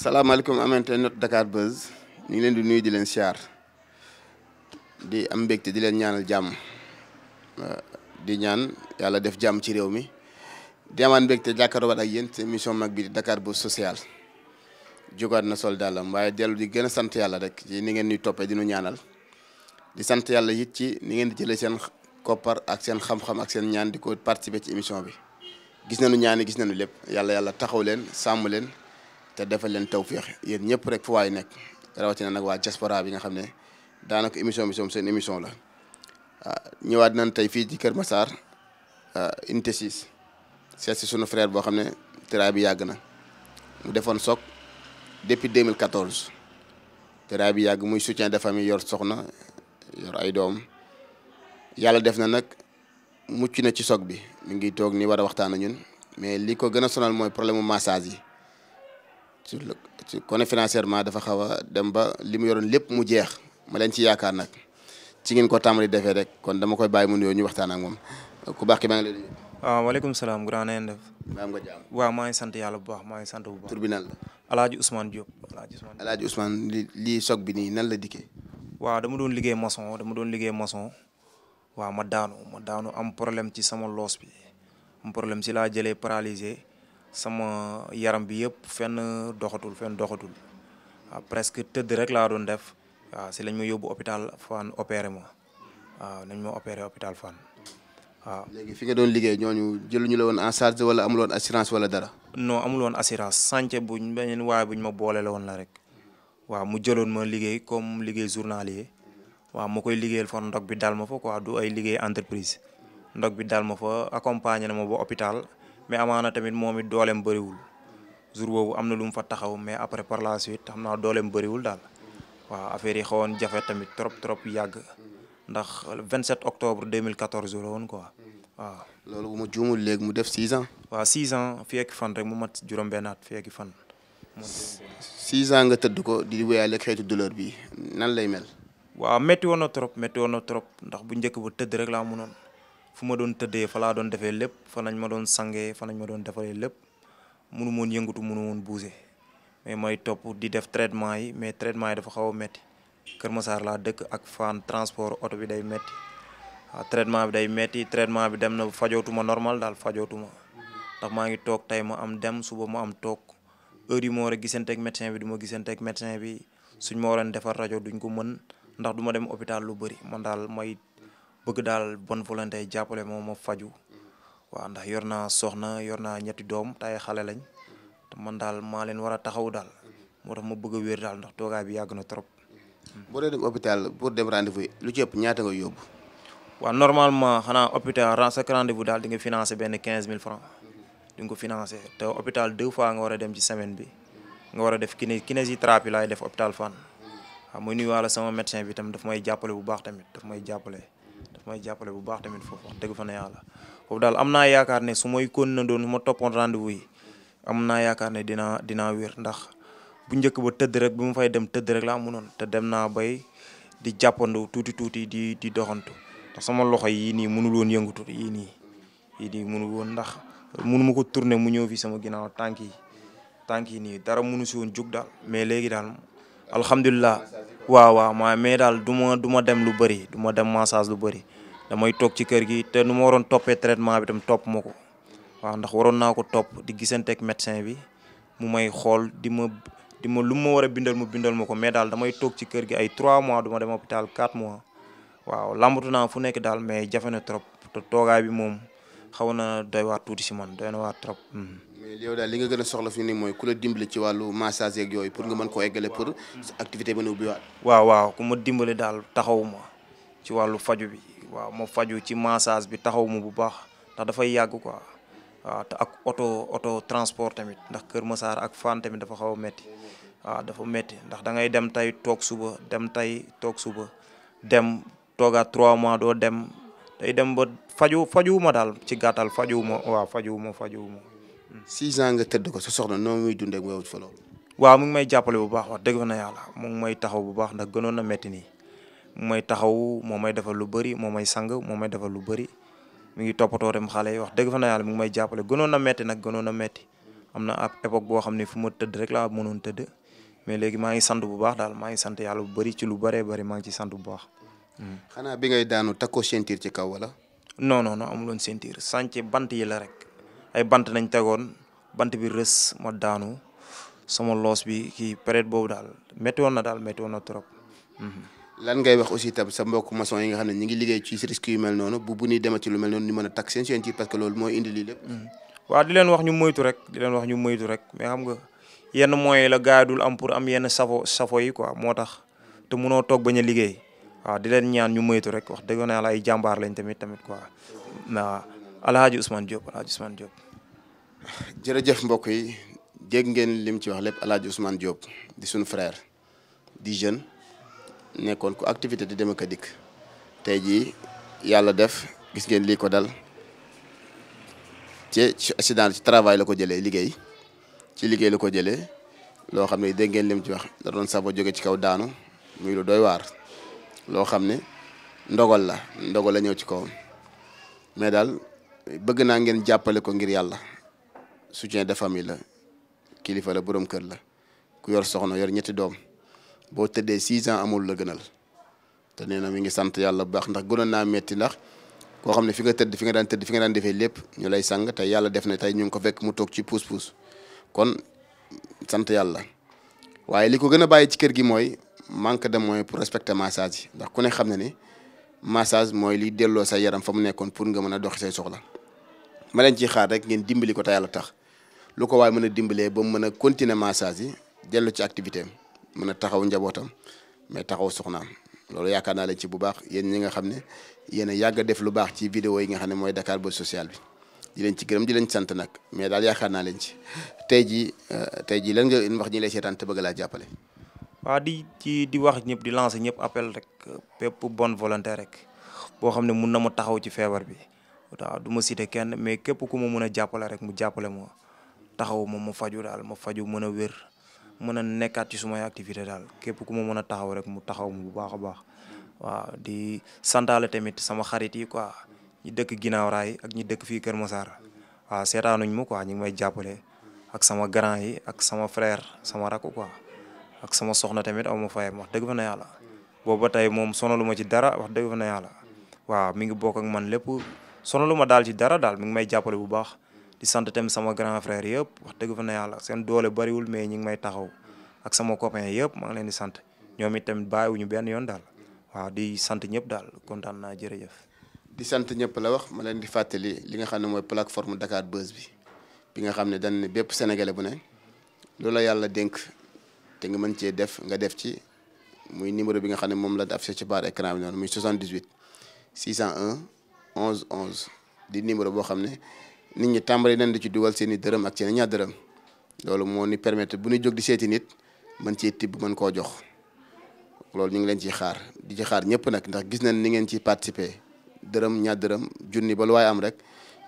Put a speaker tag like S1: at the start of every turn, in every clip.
S1: salaamaaleykum amante not Dakar Buzz ñu ngi leen di nuyu di leen siyaar di am mbégte di leen ñaanal jàmm uh, di ñaan yàlla def jàmm ci réew mi di amaat mbégte jàkkaarloo ak yéen émission mag bi di Dakar Buzz social jógaat na sol dàllam waaye di gën a sant yàlla rek ci ni ngeen ñuy toppee di nu ñaanal di sant yàlla it ci ni ngeen di jëlee seen koppar ak seen xam-xam ak seen ñaan di ko participer ci émission bi gis na nu ñaan gis nañu lépp yàlla yàlla taxaw leen sàmm leen. te defal leen tawféex yéen ñëpp rek fu waay nekk rawatina nag waa diaspora bi nga xam ne daanaka émission bi soom seen émission la ah, ñëwaat na tey fii ci Kër Massar ah, unité 6 seet si sunu frère boo xam ne teraay bi yàgg na mu defoon soog depuis 2014 teraay bi yàgg muy soutien de famille yor soxna yor ay doom yàlla def na nag mucc na ci soog bi mu ngi toog ni war a waxtaan a ñun mais li ko gën a sonal mooy problème mu massage yi ci ci kon financièrement dafa xaw a dem ba li mu yoroon lépp mu jeex ma leen ci yaakaar nag ci ngeen ko tàmbali defee rek kon dama koy bàyyi mu nuyoo ñu waxtaan ak moom
S2: ku baax ki maa ngi lay nuyu. waaw ah, waaleykum salaam grand na sant yàlla bu baax maa sant bu baax. tur bi nan la. El Hadj Ousmane Diop El Hadj Ousmane li lii bi nii nan la dikkee. waaw dama doon liggéey maçon dama doon liggéey maçon waaw ma daanu ma daanu am problème ci sama loos bi am problème si laa jëlee paralysé. sama yaram bi yëpp fenn doxatul fenn doxatul ah, presque tëdd rek laa doon def waaw ah, si lañ ma yóbbu hôpital Fann opéré ma waaw ah, nañ ma opéré hôpital fan waaw. léegi
S1: fi nga doon liggéey ñooñu jëluñu la woon en charge wala amul woon assurance wala dara.
S2: non amul woon assurance santé buñ beneen waaye buñ ma boole woon la rek waaw mu jëloon ma liggéey comme liggéey journalier waaw ma koy liggéeyal fa ndog bi daal ma fa quoi du ay liggéey entreprise ndog bi daal ma fa accompagné na ma ba hôpital. mais amaana tamit moom it dooleem bëriwul jour boobu am na lu mu fa taxaw mais après par la suite xam naa dooleem bëriwul daal waaw affaire yi xawoon jafe tamit trop trop yàgg ndax 27 octobre 2014 la woon quoi waaw. loolu bu ma juumul
S1: léegi mu def 6 ans.
S2: waaw 6 ans fii fan rek mu mat juróom-benn at fan. six ans nga tëdd ko di wéyale xeetu douleur bi nan lay mel. waaw métti woon trop métti woon na trop ndax bu njëkk ba tëdd rek laa munoon. fu ma doon tëddee falaa doon defee lépp fa lañ ma doon sangee fa lañ ma doon defaree lépp munu moon yëngatu mënu moon bouger mais may topp di def traitement yi mais traitement yi dafa xaw a métti Kër Massar laa dëkk ak fan transport oto bi day métti traitement bi day métti traitement bi dem na fajootuma normal daal fajootuma ndax maa ngi toog tey ma am dem suba ma am toog heure yi ma war a gisanteeg médecin bi du ma gisanteeg médecin bi suñ ma waroon defar rajo duñ ko mën ndax du ma dem hôpital lu bëri man daal may bëgg daal bonne volonté jàppale moom ma faju waaw ndax yor naa soxna yor naa ñetti doom tay xale lañ te man daal maa leen war a taxaw daal moo tax ma bëgg a daal ndax toogaay bi yàgg na trop. boo dee hôpital pour dem rendez-vous lu ci ëpp ñaata nga yóbbu. waaw normalement xanaa hôpital sa rendez-vous daal di nga financé benn quinze mille francs di nga ko financé te hôpital deux fois nga war a dem ci semaine bi nga war a def kiné kinésithérapie laay def hôpital Fann waaw muy nuyuwaale sama médecin bi tam daf may jàppale bu baax tamit daf may jàppale. daf may jàppale bu baax tamit foofu wax dëgg fa na daal am naa yaakaar ne su may kon na doon su ma toppoon rendez-vous am naa yaakaar ne dinaa dinaa wér ndax bu njëkk ba tëdd rek bi mu fay dem tëdd rek laa mënoon te dem naa bay di jàppandu tuuti tuuti di di doxantu ndax sama loxo yii nii mënul woon yëngatu yii nii yii nii mënul woon ndax mënu ma ko tourner mu ñëw fi sama ginnaaw tànk yi tànk yi nii dara mënu si woon jug daal mais léegi daal alhamdulilah waaw waaw maa mais daal du ma du dem lu bëri du dem massage lu bëri damay toog ci kër gi te nu ma waroon toppee traitement bi tam topp ma ko waaw ndax waroon naa ko topp di gisanteeg médecin bi mu may xool di ma di ma lu ma war a bindal mu bindal ma ko mais daal damay toog ci kër gi ay 3 mois duma dem hôpital 4 mois waaw lambatu naa fu nekk daal mais jafe na trop te bi moom xaw na doy waar tuuti si man doy na waar trop. Hmm.
S1: mais li nga gën a soxla fi ni
S2: mooy ku la dimbali ci wàllu massage yeeg yooyu pour nga mën koo eggale pour activité ba nu ubbiwaat. waaw waaw ku ma dimbali daal taxawu ma ci wàllu faju bi waaw ma faju ci massage bi taxawu ma bu baax ndax dafay yàgg ko waaw ak oto oto transport tamit ndax Kër Massar ak Fann tamit dafa xaw a métti waaw dafa metti ndax dangay dem tey toog suba dem tey toog suba dem toogaat trois mois doo dem day dem ba faju fajuwuma daal ci gàttal fajuwuma waaw fajuwuma fajuwuma. six ans nga tëdd ko sa soxna noo muy dundee ak wewut fa loolu. waaw mu ngi may jàppale bu baax wax na yàlla mu taxaw bu baax ndax gënoon na métti nii mu may moo may defal lu bëri moo may sang moo may defal lu bëri mi ngi toppatoo dem xale yi wax dëgg na yàlla mu ngi may jàppale gënoon na métti nag gënoon na métti am na ab boo xam ne fu ma tëdd rek laa mënoon tëdd mais léegi maa ngi sant bu baax daal maa ngi sant yàlla bu bëri ci lu bëree bari maa ngi ci sant bu baax. xanaa bi ngay daanu takkoo ceinture ci kaw wala non non non amuloon ceinture sànce bant yi la rek ay bant nañ tegoon bant bi rës ma daanu sama loos bi kii période boobu daal métti na daal métti na trop. Mhm.
S1: lan ngay wax aussi tam sa mbokk maçon yi nga xam ne ñu ngi liggéey ci risque yu mel noonu bu bu ñuy mel noonu ni mën a takk seen ceinture parce que loolu moo indi lii lépp.
S2: Mhm. waaw di leen wax ñu moytu rek di leen wax ñu moytu rek mais xam nga yenn moyens la gaay dul am pour am yenn safo safo yi quoi moo tax te munoo toog bañ a liggéey. waaw di leen ñaan ñu moytu rek wax dëgg yàlla ay jàmbaar lañ tamit tamit quoi waaw Alhaji Ousmane Diop Alhaji Ousmane Diop.
S1: jërëjëf mbokk yi dégg ngeen lim ci wax lépp Alhaji Ousmane Diop di suñu frère di jeune nekkoon ku activité di dem ak a dikk tey jii yàlla def gis ngeen lii ko dal ci accident ci travail la ko jëlee liggéey ci liggéey la ko jëlee loo xam ne dégg ngeen lim ci wax da doon jóge ci kaw daanu muy lu doy waar. loo xam ne ndogal la ndogal la ñëw ci kawam mais daal bëgg naa ngeen jàppale ko ngir yàlla soutien de famille la kilifa la borom kër la ku yor soxna yor ñetti doom boo tëddee six ans amul la gënal te nee na mi ngi sant yàlla bu baax ndax gënoon naa metti ndax koo xam ne fi nga tëdd fi nga daan tëdd fi nga daan defee lépp ñu lay sang tey yàlla def na tey ñu ngi ko fekk mu toog ci puus puus kon sant yàlla waaye li ko gën bàyyi ci kër gi mooy manque de moyen pour respecter massage yi ndax ku ne xam ne ni massage mooy liy delloo sa yaram fa mu nekkoon pour nga mën a doxi say soxla ma leen ciy xaar rek ngeen dimbali ko te yàlla tax lu ko waaye mën a dimbalee ba mu mën a continuer massage yi dellu ci activité mën a taxaw njabootam mais taxaw soxnaam loolu yaakaar naa leen ci bu baax yéen ñi nga xam ne yéen a yàgg def lu baax ci vidéo yi nga xam ne mooy Dakar Buzz social bi di ci gërëm di sant nag mais daal yaakaar naa leen ci tey jii euh,
S2: tey jii lan nga wax ñi lay seetaan te bëgg laa jàppale. waaw di ci di wax ñëpp di lancer ñëpp appel rek pepp bonne volonté rek boo xam ne mun na ma taxaw ci feebar bi du ma citer kenn mais képp ku ma mun a jàppale rek mu jàppale ma taxaw ma ma faju daal ma faju mën a wér mën a nekkaat ci activité daal képp ku ma mën a taxaw rek mu taxaw mu bu baax a baax waaw di santaale tamit sama xarit yi quoi ñi dëkk ginnaaw raay ak ñi dëkk fii Kër Massar waaw seetaanuñ ma quoi ñu ngi may jàppale ak sama grand yi ak sama frère sama rakk quoi ak sama soxna tamit aw ma fayam wax dëgg fa na yàlla boobu ba tey moom sonalu ma ci dara wax dëgg fa na yàlla waaw mi ngi bokk ak man lépp sonalu ma daal ci dara daal mi ngi may jàppale bu baax di sant tamit sama grand frère yëpp wax dëgg fa na yàlla seen doole bariwul mais ñi ngi may taxaw ak sama copain yëpp maa leen di sant ñoom it tamit bàyyiwuñu benn yoon daal waaw di sant ñëpp daal kontaan naa jërëjëf.
S1: di sant ñëpp la wax ma leen di fàttali li nga xam ne mooy plateforme Dakar Buzz bi bi nga xam ne dañ ne bépp sénégale bu ne loola yàlla dénk. te nga mën cee def nga def ci muy numéro bi nga xam ne moom la affiché ci barre écran bi noonu muy 78 601 onze 11 di numéro boo xam ne nit ñi tàmbali nan di ci dugal seen i dërëm ak seen i ñaar dërëm loolu moo ni permettre bu ñu jóg di seeti nit mën cee tibb mën koo jox loolu ñu ngi leen ciy xaar di ci xaar ñëpp nag ndax gis na ni ngeen ciy participer dërëm ñaar dërëm junni ba lu waaye am rek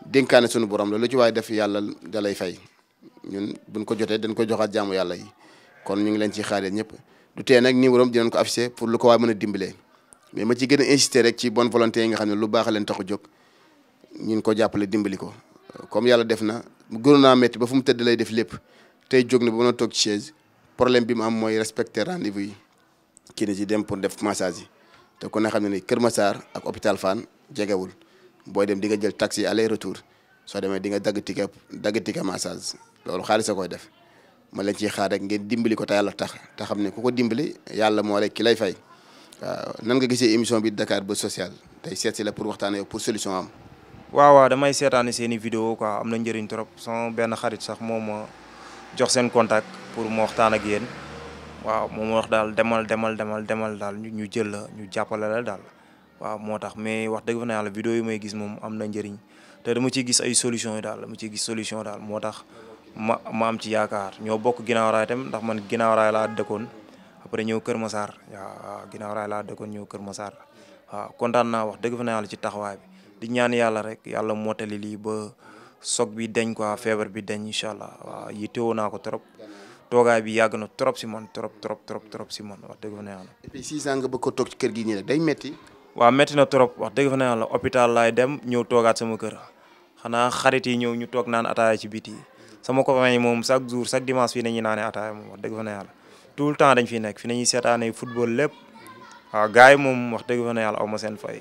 S1: dénkaane sunu borom la lu ci waaye def yàlla da lay ñun buñ ko jotee dañ ko joxaat jaamu yàlla yi kon ñu ngi leen ciy xaaree ñëpp du tee nag numéro am dinañ ko affiché pour lu ko waay mën a dimbalee mais ma ci gën a insister rek ci bonne volonté yi nga xam ne lu baax leen taxu jóg ñun ko jàppale dimbali ko comme yàlla def na gënoon naa métti ba fu mu tëdd lay def lépp tey jog na ba mën a toog chaise problème bi mu am mooy respecter rendez-vous yi kii ni ci dem pour def massage yi te ku ne xam ne ni Kër Massar ak hôpital Fann jegewul booy dem di nga jël taxi aller retour soo demee di nga dagg dagg ticket massage loolu xaalis a koy def ma leen ciy xaar rek ngeen dimbali ko te yàlla tax te xam ne ko ko dimbali yàlla moo rek ki lay fay
S2: nan nga gisee émission bi Dakar ba Social tey seet si la pour waxtaan yow pour solution am. waaw waaw damay seetaane seen i vidéo quoi am na njëriñ trop sama benn xarit sax moo jox seen contact pour ma waxtaan ak yéen waaw moom ma wax daal demal demal demal demal daal ñu jël ñu jàppale daal waaw moo tax mais wax dëgg fa na yàlla vidéo yi may gis moom am na njëriñ te mu ci gis ay solution yi daal mu ci gis solution daal moo tax. ma maam ci yaakaar ñoo bokk ginnaaw dem ndax man ginnaaw raay laa dëkkoon après ñëw Kër Massar waaw ginnaaw raay laa dëkkoon ñëw Kër Massar waaw kontaan naa wax dëgg fa na yàlla ci taxawaay bi di ñaan yàlla rek yàlla mottali lii ba soog bi deñ ko feebar bi deñ incha allah waaw yittewoo naa ko trop toogaay bi yàgg na trop si man trop trop trop trop si man wax dëgg fa na yàlla. depuis six ans toog ci kër gi nii rek day metti waaw metti na trop wax dëgg fa na yàlla hôpital laay dem ñëw toogaat sama kër xanaa xarit yi ñëw ñu toog naan ataaya ci biti sama copain yi moom chaque jour chaque dimanche fii nañuy naanee ataaya moom wax dëgg fa na yàlla tout le temps dañ fi nekk fi nañuy seetaanee football lépp waaw gars yi moom wax dëgg fa na yàlla aw ma seen fay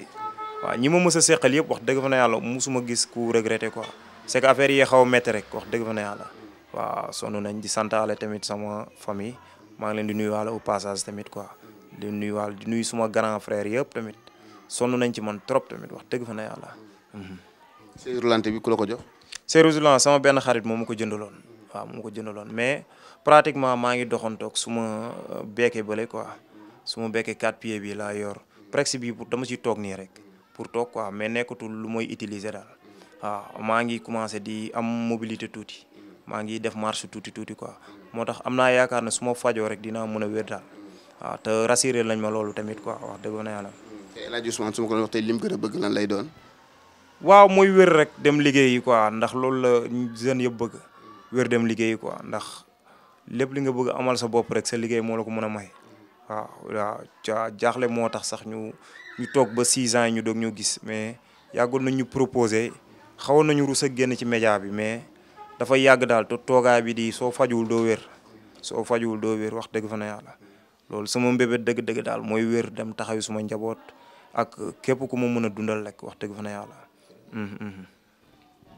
S2: waaw ñi ma mës a seqal yëpp wax dëgg fa na yàlla musuma gis ku regretté quoi c'est que affaire yi xaw a métti rek wax dëgg fa na yàlla waaw sonn nañ di santaale tamit sama famille maa ngi leen di nuy nuyuwaale au passage tamit quoi di nuyuwaale di nuy suma grand frère yëpp tamit sonn nañ ci man trop tamit wax dëgg fa na yàlla. Mm-hmm. séerulante bi ku la ko jox. c'est résilient sama benn xarit moom mu ko jëndaloon waaw mu ko jëndaloon mais pratiquement maa ngi doxantoog su ma euh, bekkee bële quoi su ma bekkee quatre pieds bi laa yor presque bi pour dama ci toog nii rek pour toog quoi mais nekkatul lu mooy utiliser daal waaw maa ngi commencé di am mobilité tuuti maa ngi def marche tuuti tuuti quoi moo tax am naa yaakaar ne suma ma fajoo rek dinaa mën a wér daal waaw te rassuré lañ ma loolu tamit quoi wax dëgg a yàlla. El Hadj Ousmane su ma ko wax lim gën a bëgg lan lay doon. waaw mooy wér rek dem liggéeyi quoi ndax loolu la jeunes yëpp bëgg wér dem liggéeyi quoi ndax lépp li nga bëgg amal sa bopp rek sa liggéey moo la ko mën a may waaw waaw jaaxle moo tax sax ñu ñu toog ba 6 ans yi ñu doog ñu gis mais yàggoon nañ ñu proposé xawoon nañu rus a génn ci média bi mais dafa yàgg daal te toogaay bi di soo fajuwul doo wér soo fajuwul doo wér wax dëgg fa na yàlla loolu sama mbebet dëgg-dëgg daal mooy wér dem taxawi suma njaboot ak képp ku ma mën a dundal rek wax dëgg fa na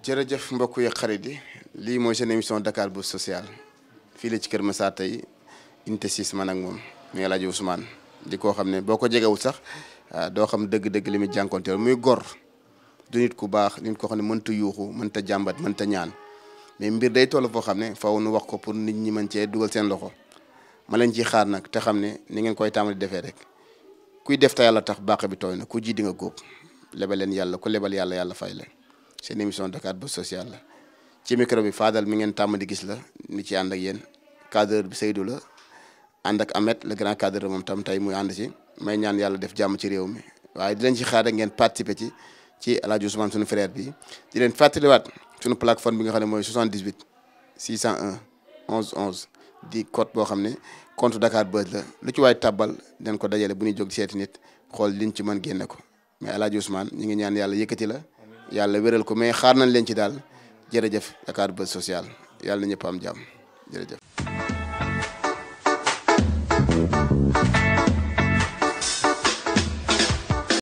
S1: jërëjëf mbokk yi xarit yi
S2: lii mooy seen émission Dakar Buzz Social
S1: fii la ci Kër Massar tey unité 6 man ak moom muy El Hadj Ousmane di koo xam ne boo ko jegewul sax ah, doo xam dëgg-dëgg li muy jànkonteel muy gor du nit ku baax nit ko xam ne mënta yuuxu mënta jàmbat mënta ñaan mais mbir day toll foo xam ne faw nu wax ko pour nit ñi mën cee dugal seen loxo ma leen ciy xaar nag te xam ne ni ngeen koy tàmbali defee rek kuy def te yàlla tax bàq bi tooy na ku ji di nga góob lebaleen yàlla ku lebal yàlla yàlla fay la seen émission Dakar Buzz Social la ci micro bi Fadal mi ngeen tàmm di gis la ni ci ànd ak yéen cadreur bi Seydou la ànd ak Ahmed le grand cadreur moom tam tey muy ànd ci may ñaan yàlla def jàmm ci réew mi waaye di leen ci xaar rek ngeen participer ci ci El Hadj Ousmane sunu bi di leen fàttaliwaat sunu plateforme bi nga xam ne mooy 78 601 11 onze di code boo xam ne compte Dakar Buzz la lu ci waay tàbbal ko dajale bu ñuy jóg seeti nit xool liñ ci mën génne ko. mais El Hadj Ousmane ñu ngi ñaan yàlla yëkkati la yàlla wéral ko mais xaar nañ leen ci daal jërëjëf Dakar ba social yàlla na ñëpp am jàmm jërëjëf.